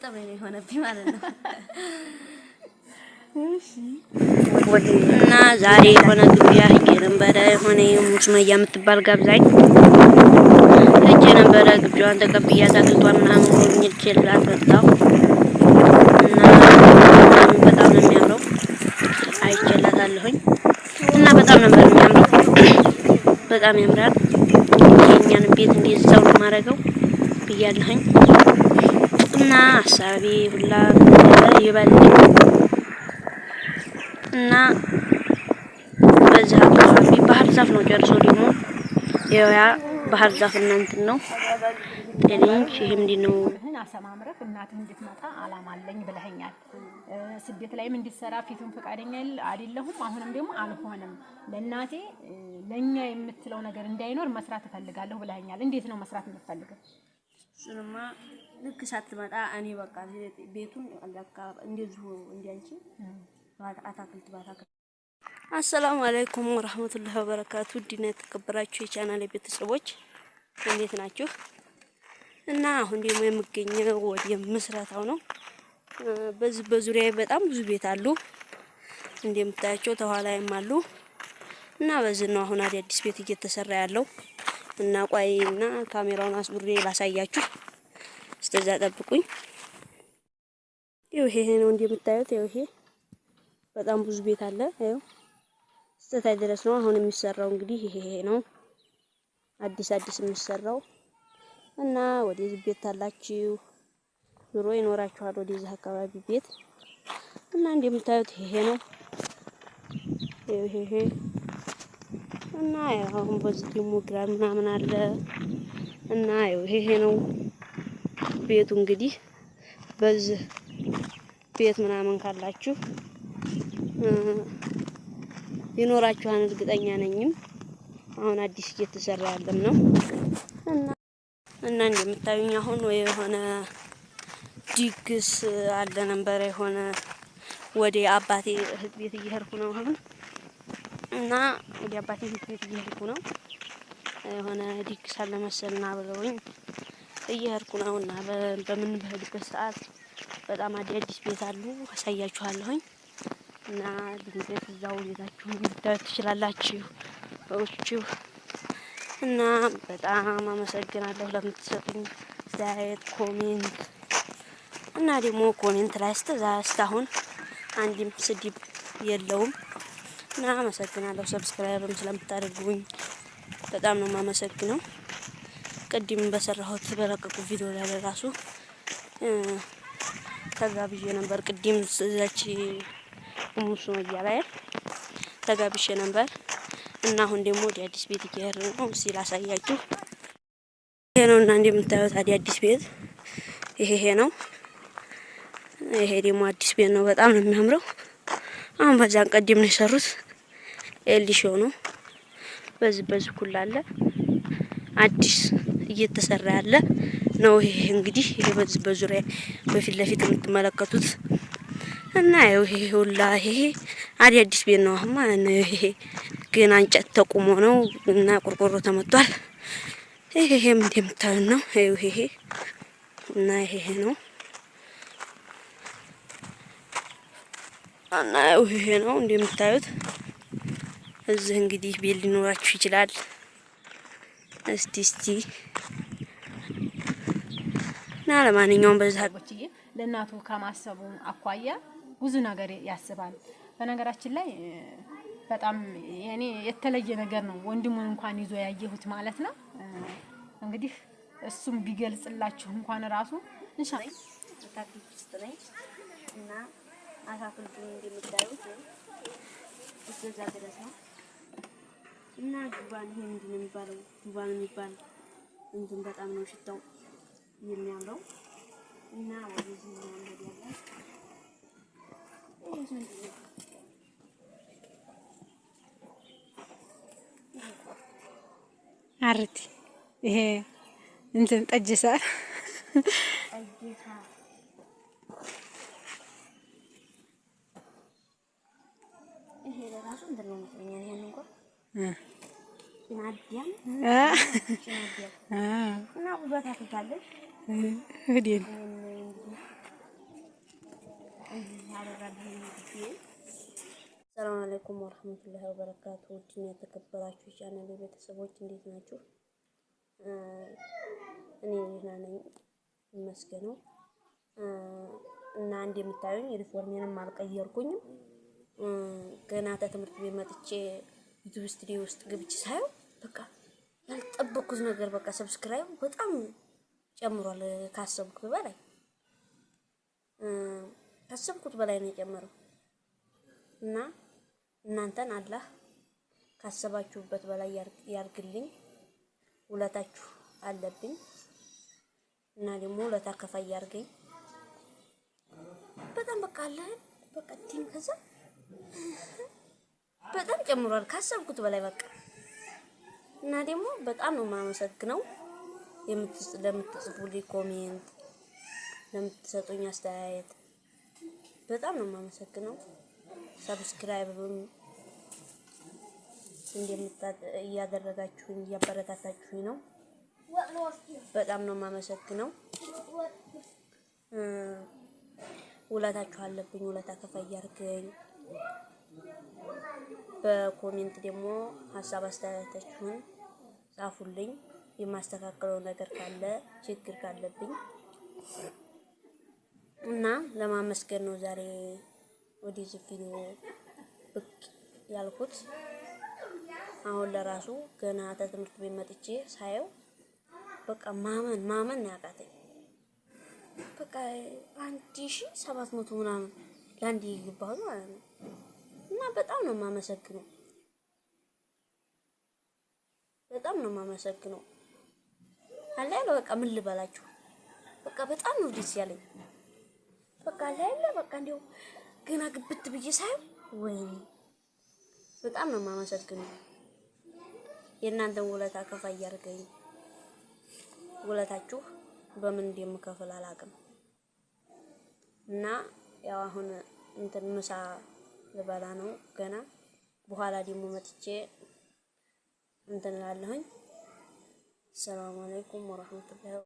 ግጥም ነው የሆነብኝ ማለት ነው። እና ዛሬ የሆነ ግብዣ ሄጄ ነበረ። የሆነ ሙስመያ የምትባል ጋብዛኝ ሄጄ ነበረ። ግብዣዋን ተቀብያት አግልቷን ምናምን መጣሁ እና በጣም ነው የሚያምረው። እና በጣም ነበር የሚያምረው። በጣም ያምራል። የእኛን ቤት እንዴት ሰው ማድረገው ብያለሁኝ። እና ሀሳቤ ሁላ ይበል እና በዚህ አካባቢ ባህር ዛፍ ነው። ጨርሶ ደግሞ የያ ባህር ዛፍ እናንትን ነው ጤንች ይህም ዲ ነው። አሰማምረህ እናትህ እንድትመጣ አላማ አለኝ ብለኸኛል። ስደት ላይም እንድትሰራ ፊቱን ፈቃደኛ አይደለሁም። አሁንም ደግሞ አልሆንም። ለእናቴ ለእኛ የምትለው ነገር እንዳይኖር መስራት እፈልጋለሁ ብለኸኛል። እንዴት ነው መስራት የምትፈልገው? እሱንማ ልክ ሳትመጣ እኔ በቃ ቤቱን ለካ እንደዚሁ እንዲያንቺ አታክልት ባታክልት። አሰላሙ አለይኩም ወራህመቱላሂ ወበረካቱ። ዲና የተከበራችሁ የቻናል ቤተሰቦች እንዴት ናችሁ? እና አሁን ደግሞ የምገኘው ወደ ምስረታው ነው። በዚህ በዙሪያ በጣም ብዙ ቤት አሉ እንደምታያቸው፣ ተኋላይም አሉ እና በዚህ ነው አሁን አዳዲስ ቤት እየተሰራ ያለው። እና ቆይ እና ካሜራውን አስብሬ ላሳያችሁ። እስከዛ ጠብቁኝ። ይሄ ነው እንደምታዩት፣ ይሄ በጣም ብዙ ቤት አለ። ይኸው እስከታይ ድረስ ነው አሁን የሚሰራው። እንግዲህ ይሄ ነው አዲስ አዲስ የሚሰራው እና ወደዚህ ቤት ታላችሁ ኑሮ ይኖራችኋል። ወደዚህ አካባቢ ቤት እና እንደምታዩት ይሄ ነው ይሄ እና አሁን በዚህ ሞግራም ምናምን አለ እና ይሄ ነው ቤቱ። እንግዲህ በዚህ ቤት ምናምን ካላችሁ ይኖራችኋን እርግጠኛ ነኝም። አሁን አዲስ እየተሰራ ያለም ነው እና እንደምታዩኝ አሁን ወይ የሆነ ድግስ አለ ነበረ የሆነ ወደ አባቴ እህት ቤት እየሄድኩ ነው አሁን እና ወደ አባቴ ቤት እየሄድኩ ነው። የሆነ ድግስ አለ መሰልና ብለውኝ እየሄድኩ ነው። እና ሰዓት በጣም አዳዲስ ቤት አሉ አሳያችኋለሁኝ። እና ድንገት እዛው ትችላላችሁ እና በጣም አመሰግናለሁ ለምትሰጡኝ አስተያየት ኮሜንት እና ደግሞ ኮሜንት ላይ እስከ እስካሁን አንድም ስድብ የለውም። እና አመሰግናለሁ። ሰብስክራይብም ስለምታደርጉኝ በጣም ነው የማመሰግነው። ቅድም በሰራሁት በለቀቁ ቪዲዮ ላይ ራሱ ተጋብዤ ነበር። ቅድም ዘቺ ሙሱ ወያ ላይ ነበር እና አሁን ደግሞ ወደ አዲስ ቤት እየሄድን ነው። እስኪ ላሳያችሁ። ይሄ ነው እና እንደምታዩት ታዲያ አዲስ ቤት ይሄ ነው። ይሄ ደግሞ አዲስ ቤት ነው። በጣም ነው የሚያምረው። አሁን በዛን ቀደም ነው የሰሩት። ኤልሾ ነው። በዚህ በዚህ ኩል አለ አዲስ እየተሰራ ያለ ነው። ይሄ እንግዲህ ይሄ በዚህ በዙሪያ በፊት ለፊት የምትመለከቱት እና ይሄው ይሄ ሁላ ይሄ አዲስ ቤት ነው ማለት ነው። ይሄ ግን እንጨት ተቁሞ ነው እና ቆርቆሮ ተመቷል። ይሄ ይሄ እንደምታዩት ነው። ይሄ ይሄ እና ይሄ ነው እና ይሄ ነው እንደምታዩት እዚህ እንግዲህ ቤት ሊኖራችሁ ይችላል። እስቲ እስቲ እና ለማንኛውም በዛ ቁጭዬ ለእናቱ ከማሰቡ አኳያ ብዙ ነገር ያስባል። በነገራችን ላይ በጣም የኔ የተለየ ነገር ነው። ወንድሙን እንኳን ይዞ ያየሁት ማለት ነው። እንግዲህ እሱም ቢገልጽላችሁ እንኳን ራሱ እንሻ አታክልት ነኝ እና እንደምታዩት እዛ ድረስ ነው። እና ዱባን ይሄ ምንድን ነው የሚባለው? ዱባን የሚባል እንትን በጣም ነው ሽታው የሚያምረው። እና ወደዚህ መንገድ ያለን አርቲ ይሄ እንትን ጠጅሳ ይሄ ለራሱ እንትን ነው ይሄን እንኳን ሰላም አለይኩም ወረህመቱላሂ ወበረካቱ። ውድና የተከበራችሁ ቻናል ቤተሰቦች እንዴት ናችሁ? እኔ ደህና ነኝ ይመስገነው። እና እንደምታዩኝ ዩኒፎርሜንም አልቀየርኩኝም። ገና ተትምህርት ቤት መጥቼ ዩቲዩብ ስቱዲዮ ውስጥ ግብች ሳየው በቃ ያልጠበቅኩት ነገር በቃ ሰብስክራይብ በጣም ጨምሯል። ካሰብኩት በላይ ካሰብኩት በላይ ነው የጨመረው እና እናንተን አላህ ካሰባችሁበት በላይ ያርግልኝ። ውለታችሁ አለብኝ እና ደግሞ ውለታ ከፋይ ያርገኝ። በጣም በቃ አለ በቃ ቲም ከዛ በጣም ጨምሯል ካሰብኩት በላይ በቃ እና ደግሞ በጣም ነው የማመሰግነው ለምትጽፉልኝ ኮሜንት፣ ለምትሰጡኝ አስተያየት በጣም ነው የማመሰግነው። ሰብስክራይብም እያደረጋችሁኝ እያበረታታችሁኝ ነው። በጣም ነው የማመሰግነው። ውለታችሁ አለብኝ። ውለታ ከፋ እያርገኝ በኮሜንት ደግሞ ሀሳብ አስተያየታችሁን ጻፉልኝ። የማስተካከለው ነገር ካለ ችግር ካለብኝ እና ለማመስገን ነው ዛሬ ወደዚህ ቪዲዮ ብቅ ያልኩት። አሁን ለራሱ ገና ከትምህርት ቤት መጥቼ ሳየው በቃ ማመን ማመን ያቃተኝ በቃ አንድ ሺ ሰባት መቶ ምናምን ለአንድ ይግባሉ ማለት ነው። እና በጣም ነው የማመሰግነው። በጣም ነው የማመሰግነው። አለ ያለ በቃ ምን ልበላችሁ፣ በቃ በጣም ነው ደስ ያለኝ። በቃ አለ ያለ በቃ እንደው ገና ግብት ብዬ ሳይ ወይኔ በጣም ነው የማመሰግነው። የእናንተን ውለታ ከፋ እያደረገኝ ውለታችሁ በምን እንደምከፍል አላውቅም እና ያው አሁን እንትን ምሳ ልበላ ነው ገና። በኋላ ደግሞ መጥቼ እንትን እላለሁኝ። ሰላም አለይኩም ወራህመቱላሂ